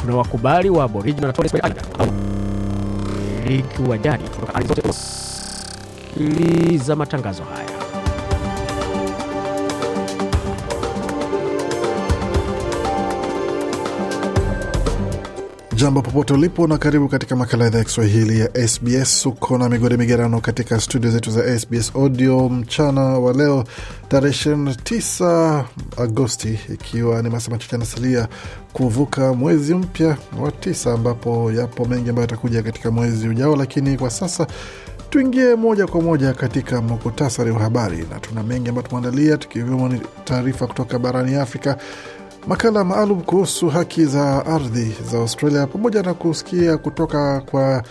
kuna wakubali wa Aboriginal na Torres Strait Islander miliki wa jadi kutoka ardhi zote ili za matangazo haya. Jambo popote ulipo na karibu katika makala ya idhaa ya Kiswahili ya SBS. Uko na migode migerano katika studio zetu za SBS Audio mchana wa leo tarehe 29 Agosti, ikiwa ni masaa machache anasalia kuvuka mwezi mpya wa tisa, ambapo yapo mengi ambayo yatakuja katika mwezi ujao, lakini kwa sasa tuingie moja kwa moja katika muhtasari wa habari, na tuna mengi ambayo tumeandalia, tukiwemo ni taarifa kutoka barani Afrika makala maalum kuhusu haki za ardhi za Australia, pamoja na kusikia kutoka kwa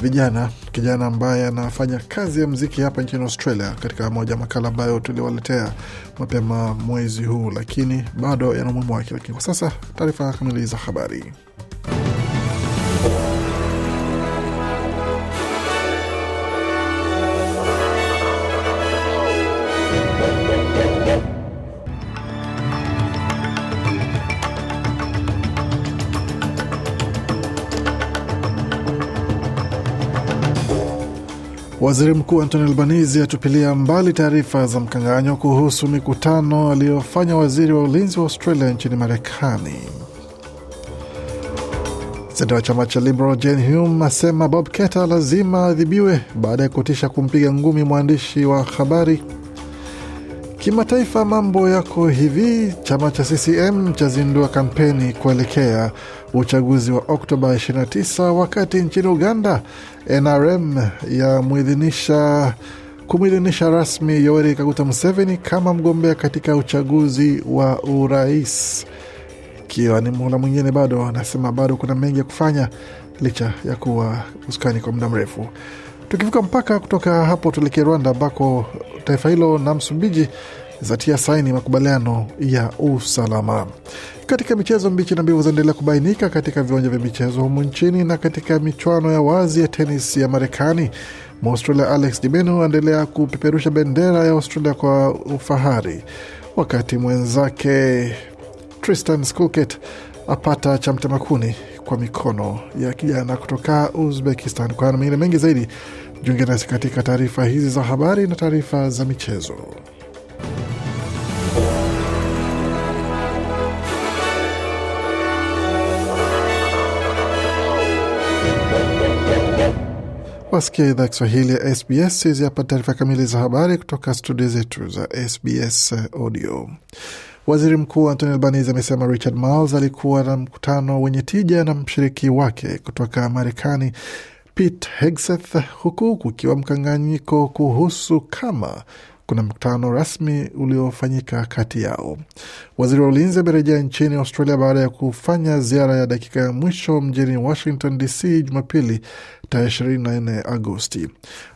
vijana kijana ambaye anafanya kazi ya mziki hapa nchini Australia, katika moja makala ambayo tuliwaletea mapema mwezi huu, lakini bado yana umuhimu wake. Lakini kwa sasa, taarifa kamili za habari. Waziri Mkuu Antoni Albanizi atupilia mbali taarifa za mkanganyo kuhusu mikutano aliyofanya waziri wa ulinzi wa Australia nchini Marekani. Seneta wa chama cha Liberal Jane Hume asema Bob Ketter lazima adhibiwe baada ya kutisha kumpiga ngumi mwandishi wa habari Kimataifa mambo yako hivi. Chama cha CCM chazindua kampeni kuelekea uchaguzi wa Oktoba 29, wakati nchini Uganda NRM yamwidhinisha kumwidhinisha rasmi Yoweri Kaguta Museveni kama mgombea katika uchaguzi wa urais, ikiwa ni muhula mwingine. Bado anasema bado kuna mengi ya kufanya licha ya kuwa usukani kwa muda mrefu. Tukivuka mpaka kutoka hapo, tuelekee Rwanda ambako taifa hilo na Msumbiji zatia saini makubaliano ya usalama. Katika michezo, mbichi na mbivu zaendelea kubainika katika viwanja vya michezo humu nchini. Na katika michuano ya wazi ya tenis ya Marekani, Mwaustralia Alex de Minaur aendelea kupeperusha bendera ya Australia kwa ufahari, wakati mwenzake Tristan Skulket apata chamtemakuni kwa mikono ya kijana kutoka Uzbekistan. Kwa mengine mengi zaidi, jiunge nasi katika taarifa hizi za habari na taarifa za michezo. Wasikia idhaa Kiswahili ya SBS. Hizi hapa taarifa kamili za habari kutoka studio zetu za SBS Audio. Waziri Mkuu Antonio Albanese amesema Richard Marles alikuwa na mkutano wenye tija na mshiriki wake kutoka Marekani Pete Hegseth, huku kukiwa mkanganyiko kuhusu kama kuna mkutano rasmi uliofanyika kati yao. Waziri wa ulinzi amerejea nchini Australia baada ya kufanya ziara ya dakika ya mwisho mjini Washington DC Jumapili tarehe 24 Agosti.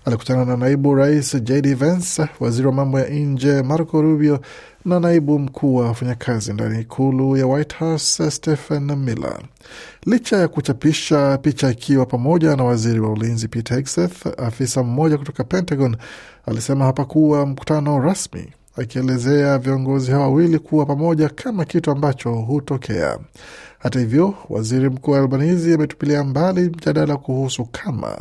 Alikutana na naibu rais JD Vance, waziri wa mambo ya nje Marco Rubio na naibu mkuu wa wafanyakazi ndani ikulu ya White House Stephen Miller. Licha ya kuchapisha picha ikiwa pamoja na waziri wa ulinzi Peter Hegseth, afisa mmoja kutoka Pentagon alisema hapakuwa mkutano rasmi, akielezea viongozi hao wawili kuwa pamoja kama kitu ambacho hutokea. Hata hivyo, waziri mkuu wa Albanizi ametupilia mbali mjadala kuhusu kama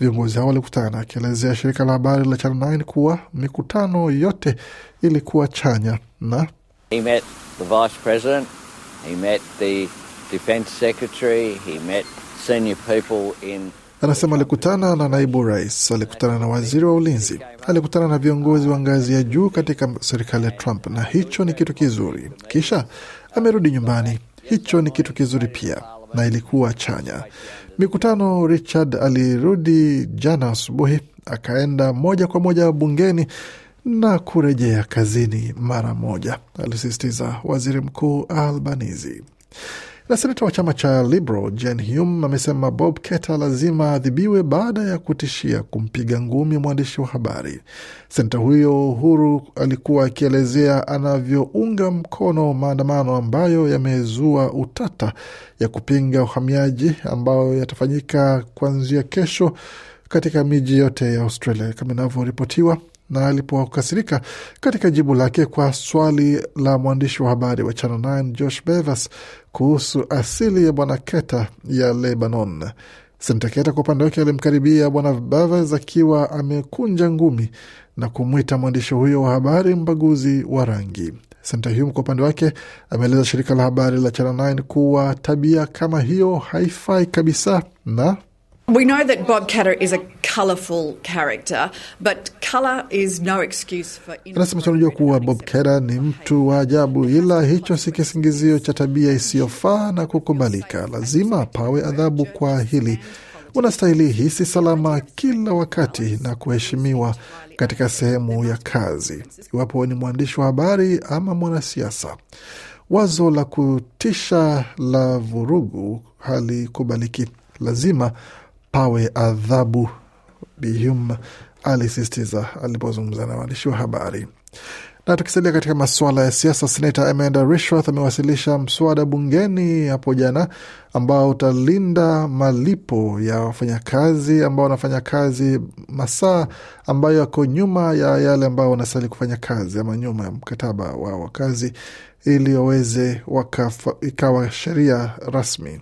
Viongozi hao walikutana, akielezea shirika la habari la Chan 9 kuwa mikutano yote ilikuwa chanya na He met the vice president, he met the defense secretary, he met senior people in Anasema alikutana na naibu rais, alikutana na waziri wa ulinzi, alikutana na viongozi wa ngazi ya juu katika serikali ya Trump, na hicho ni kitu kizuri. Kisha amerudi nyumbani, hicho ni kitu kizuri pia, na ilikuwa chanya mikutano. Richard alirudi jana asubuhi, akaenda moja kwa moja bungeni na kurejea kazini mara moja, alisisitiza waziri mkuu Albanese. Na senata wa chama cha Liberal Jen Hume amesema Bob Ketter lazima adhibiwe baada ya kutishia kumpiga ngumi mwandishi wa habari. senata huyo huru alikuwa akielezea anavyounga mkono maandamano ambayo yamezua utata ya kupinga uhamiaji ambayo yatafanyika kuanzia kesho katika miji yote ya Australia kama inavyoripotiwa na alipokasirika katika jibu lake kwa swali la mwandishi wa habari wa Channel 9 Josh Bevas kuhusu asili ya bwana Keta ya Lebanon. Senta Keta kwa upande wake alimkaribia bwana Bevas akiwa amekunja ngumi na kumwita mwandishi huyo wa habari mbaguzi wa rangi. Senta Hume kwa upande wake ameeleza shirika la habari la Channel 9 kuwa tabia kama hiyo haifai kabisa na We know that Bob Catter is a colourful character, but colour is no excuse for. Anasema tunajua kuwa Bob Catter ni mtu wa ajabu, ila hicho si kisingizio cha tabia isiyofaa na kukubalika. Lazima pawe adhabu kwa hili. Unastahili hisi salama kila wakati na kuheshimiwa katika sehemu ya kazi, iwapo ni mwandishi wa habari ama mwanasiasa. Wazo la kutisha la vurugu halikubaliki. Lazima pawe adhabu bihum, alisisitiza alipozungumza na waandishi wa habari. Na tukisalia katika masuala ya siasa, senata Amanda Rishworth amewasilisha mswada bungeni hapo jana ambao utalinda malipo ya wafanyakazi ambao wanafanya kazi masaa ambayo yako nyuma ya yale ambao wanastahili kufanya kazi ama nyuma ya mkataba wa wakazi ili waweze ikawa sheria rasmi.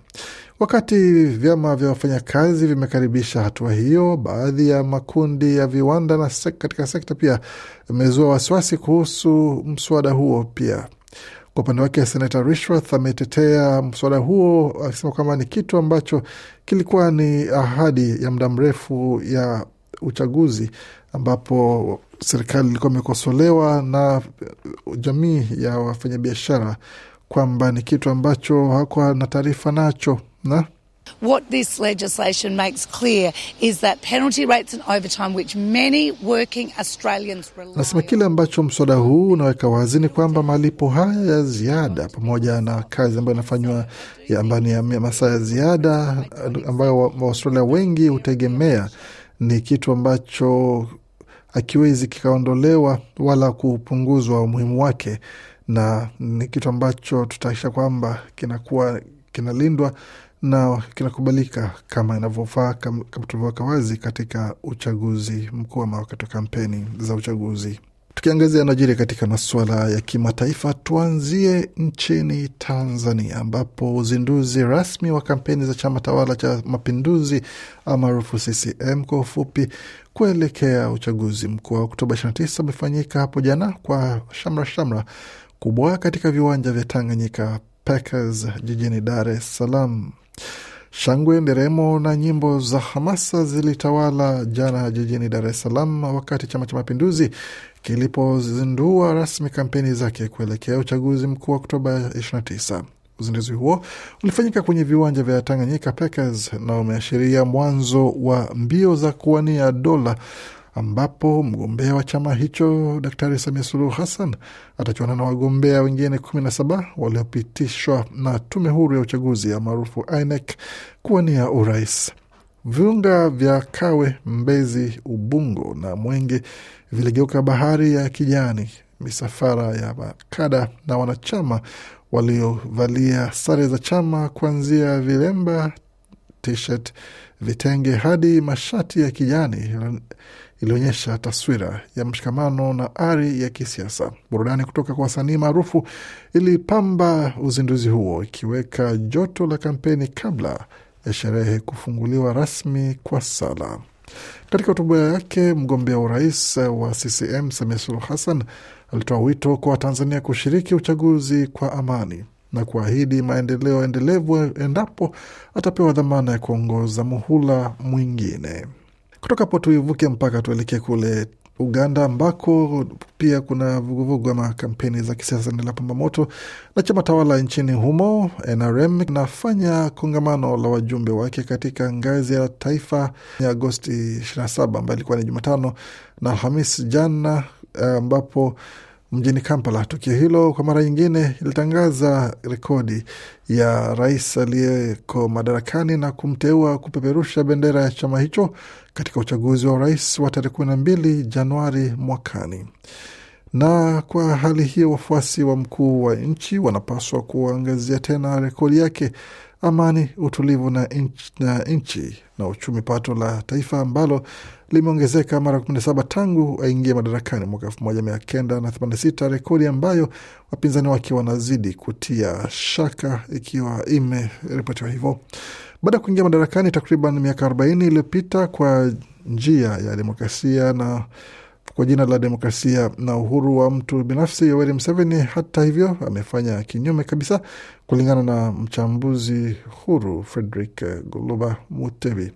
Wakati vyama vya wafanyakazi vimekaribisha hatua hiyo, baadhi ya makundi ya viwanda na sek katika sekta pia imezua wasiwasi kuhusu mswada huo pia. Kwa upande wake Senata Rishworth ametetea mswada huo akisema kwamba ni kitu ambacho kilikuwa ni ahadi ya muda mrefu ya uchaguzi ambapo serikali ilikuwa imekosolewa na jamii ya wafanyabiashara kwamba ni kitu ambacho hakuwa na taarifa nacho né? What this legislation makes clear is that penalty rates and overtime which many working Australians rely. Nasema kile ambacho mswada huu unaweka wazi ni kwamba malipo haya ya ziada pamoja na kazi ambayo inafanywa ambayo ni ya masaa ya ziada ambayo Waaustralia wengi hutegemea ni kitu ambacho akiwezi kikaondolewa wala kupunguzwa umuhimu wake, na ni kitu ambacho tutaakisha kwamba kinakuwa kinalindwa na kinakubalika kama inavyofaa kama tulivyoweka wazi katika uchaguzi mkuu ama wakati wa kampeni za uchaguzi. Tukiangazia najiri katika masuala ya kimataifa, tuanzie nchini Tanzania ambapo uzinduzi rasmi wa kampeni za chama tawala cha Mapinduzi maarufu CCM kwa ufupi, kuelekea uchaguzi mkuu wa Oktoba 29 umefanyika hapo jana kwa shamra shamra kubwa katika viwanja vya Tanganyika Packers jijini Dar es Salaam. Shangwe, nderemo na nyimbo za hamasa zilitawala jana jijini Dar es Salaam wakati Chama cha Mapinduzi kilipozindua rasmi kampeni zake kuelekea uchaguzi mkuu wa Oktoba 29. Uzinduzi huo ulifanyika kwenye viwanja vya Tanganyika Packers na umeashiria mwanzo wa mbio za kuwania dola ambapo mgombea wa chama hicho Daktari Samia Suluhu Hassan atachuana na wagombea wengine kumi na saba waliopitishwa na tume huru ya uchaguzi ya maarufu INEC kuwania urais. Viunga vya Kawe, Mbezi, Ubungo na Mwenge viligeuka bahari ya kijani. Misafara ya makada na wanachama waliovalia sare za chama kuanzia vilemba, t-shirt, vitenge hadi mashati ya kijani ilionyesha taswira ya mshikamano na ari ya kisiasa. Burudani kutoka kwa wasanii maarufu ilipamba uzinduzi huo, ikiweka joto la kampeni kabla ya sherehe kufunguliwa rasmi kwa sala. Katika hotuba yake, mgombea urais wa CCM Samia Suluhu Hassan alitoa wito kwa Watanzania kushiriki uchaguzi kwa amani na kuahidi maendeleo endelevu endapo atapewa dhamana ya kuongoza muhula mwingine. Kutoka hapo tuivuke mpaka tuelekee kule Uganda ambako pia kuna vuguvugu ama kampeni za kisiasa zinaendelea pamba moto, na chama tawala nchini humo NRM inafanya kongamano la wajumbe wake katika ngazi ya taifa ya Agosti 27 ambayo ilikuwa ni Jumatano na Alhamis jana eh, ambapo uh, mjini Kampala. Tukio hilo kwa mara nyingine ilitangaza rekodi ya rais aliyeko madarakani na kumteua kupeperusha bendera ya chama hicho katika uchaguzi wa rais wa tarehe kumi na mbili Januari mwakani. Na kwa hali hiyo, wafuasi wa mkuu wa nchi wanapaswa kuangazia tena rekodi yake amani, utulivu na na nchi na uchumi pato la taifa ambalo limeongezeka mara 17 tangu aingia madarakani mwaka 1986, rekodi ambayo wapinzani wake wanazidi kutia shaka ikiwa imeripotiwa hivyo baada ya kuingia madarakani takriban miaka 40 iliyopita kwa njia ya demokrasia na kwa jina la demokrasia na uhuru wa mtu binafsi. Yoweri Museveni, hata hivyo, amefanya kinyume kabisa, kulingana na mchambuzi huru Frederick Guluba Mutebi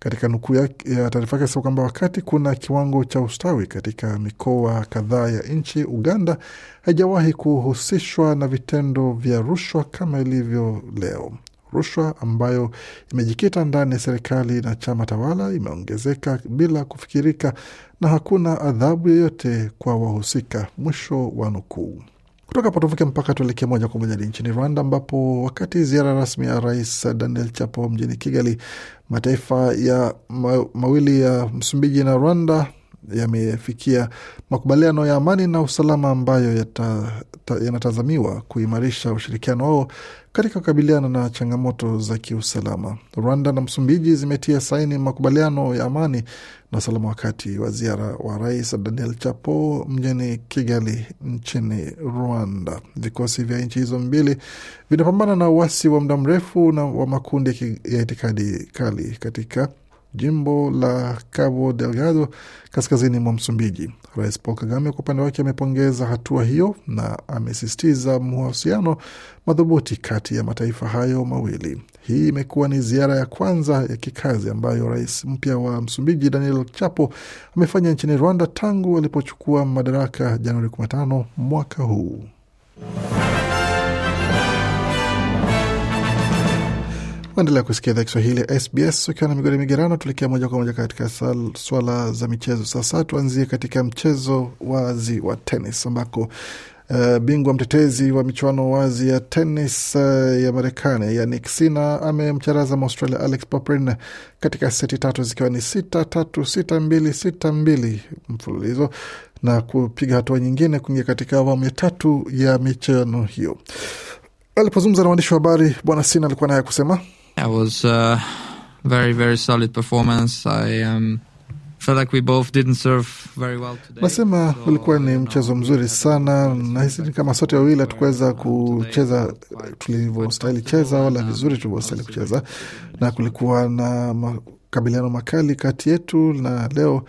katika nukuu ya taarifa yake sema kwamba wakati kuna kiwango cha ustawi katika mikoa kadhaa ya nchi, Uganda haijawahi kuhusishwa na vitendo vya rushwa kama ilivyo leo rushwa ambayo imejikita ndani ya serikali na chama tawala imeongezeka bila kufikirika na hakuna adhabu yoyote kwa wahusika. Mwisho wa nukuu. Kutoka potofuke mpaka tuelekee moja kwa moja nchini Rwanda, ambapo wakati ziara rasmi ya Rais Daniel Chapo mjini Kigali, mataifa ya mawili ya Msumbiji na Rwanda yamefikia makubaliano ya amani na usalama ambayo yanatazamiwa ta, kuimarisha ushirikiano wao katika kukabiliana na changamoto za kiusalama. Rwanda na Msumbiji zimetia saini makubaliano ya amani na usalama wakati wa ziara wa Rais Daniel Chapo mjini Kigali nchini Rwanda. Vikosi vya nchi hizo mbili vinapambana na uasi wa muda mrefu na wa makundi ya itikadi kali katika jimbo la Cabo Delgado kaskazini mwa Msumbiji. Rais Paul Kagame kwa upande wake amepongeza hatua hiyo na amesisitiza mahusiano madhubuti kati ya mataifa hayo mawili. Hii imekuwa ni ziara ya kwanza ya kikazi ambayo rais mpya wa Msumbiji Daniel Chapo amefanya nchini Rwanda tangu alipochukua madaraka Januari 15 mwaka huu. Waendelea kusikia idhaa Kiswahili ya SBS ukiwa na migodi migerano. Tuelekea moja kwa moja katika swala za michezo. Sasa tuanzie katika mchezo wazi wa tenis ambako Uh, bingwa mtetezi wa michuano wazi ya tenis uh, eh, ya Marekani ya Nick Sina amemcharaza Mwaustralia Alex Poprin katika seti tatu zikiwa ni sita tatu sita mbili sita mbili mfululizo na kupiga hatua nyingine kuingia katika awamu ya tatu ya michuano hiyo. Alipozungumza na waandishi wa habari, Bwana Sina alikuwa naye kusema yeah, it was a uh, very very solid performance. I um, felt like we both didn't serve very well today. Nasema so, ulikuwa ni uh, mchezo mzuri sana. Nahisi ni kama sote wawili hatukuweza uh, kucheza tulivyostahili cheza wala vizuri tulivyostahili kucheza, na kulikuwa na makabiliano makali kati yetu, na leo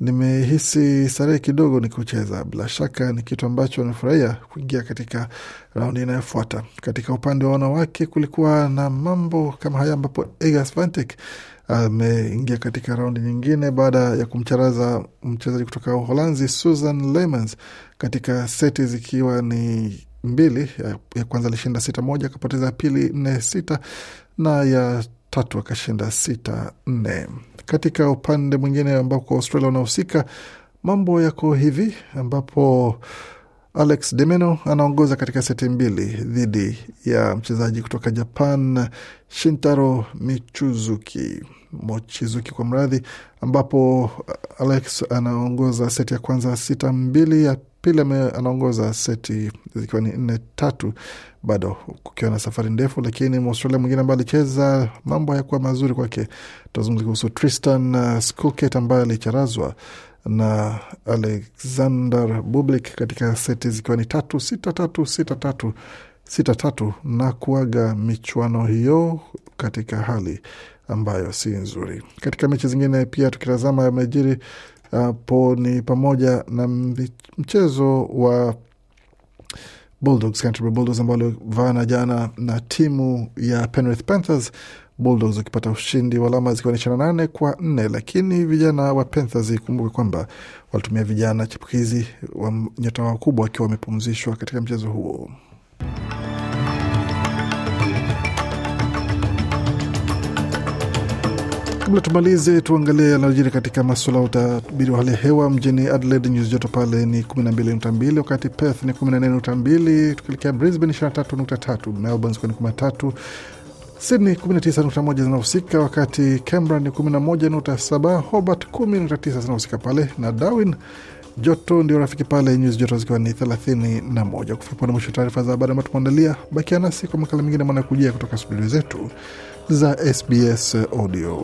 nimehisi starehe kidogo ni kucheza. Bila shaka ni kitu ambacho nafurahia kuingia katika raundi inayofuata. Katika upande wa wanawake, kulikuwa na mambo kama haya ambapo Iga Swiatek ameingia katika raundi nyingine baada ya kumcharaza mchezaji kutoka Uholanzi Susan Lymans katika seti zikiwa ni mbili. Ya kwanza alishinda sita moja, akapoteza pili nne sita, na ya tatu akashinda sita nne. Katika upande mwingine ambako Australia wanahusika, mambo yako hivi ambapo Alex Demeno anaongoza katika seti mbili dhidi ya mchezaji kutoka Japan Shintaro Michuzuki Mochizuki kwa mradhi, ambapo Alex anaongoza seti ya kwanza sita mbili, ya Pili anaongoza seti zikiwa ni nne tatu, bado kukiwa na safari ndefu, lakini mustralia mwingine ambaye alicheza mambo hayakuwa mazuri kwake. Tutazungumza kuhusu Tristan uh, Skulket ambaye alicharazwa na Alexander Bublik katika seti zikiwa ni tatu sita tatu sita tatu sita tatu na kuaga michuano hiyo katika hali ambayo si nzuri. Katika mechi zingine pia tukitazama yamejiri hapo, uh, ni pamoja na mchezo wa Bulldogs, Canterbury Bulldogs ambao walivana jana na timu ya Penrith Panthers, Bulldogs wakipata ushindi wa alama zikiwa ni ishirini na nane kwa nne, lakini vijana wa Panthers ikumbuke kwamba walitumia vijana chipukizi wa nyota wakubwa wakiwa wamepumzishwa katika mchezo huo. Kabla tumalize, tuangalie yanayojiri katika maswala ya utabiri wa hali ya hewa. Mjini Adelaide nyuzi joto pale ni 12.2, wakati Perth ni 14.2, tukielekea Brisbane 23.3, Melbourne ni 13 Sydney 19.1 zinahusika, wakati Canberra ni 11.7, Hobart 10.9 zinahusika pale na Darwin joto ndio rafiki pale, nyuzi joto zikiwa ni 31. Kufikia mwisho taarifa za habari ambayo tumeandalia. Bakia nasi kwa makala mengine mwanakujia kutoka studio zetu za SBS Audio.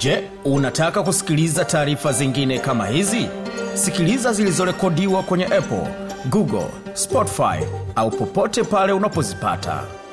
Je, unataka kusikiliza taarifa zingine kama hizi? Sikiliza zilizorekodiwa kwenye Apple, Google, Spotify au popote pale unapozipata.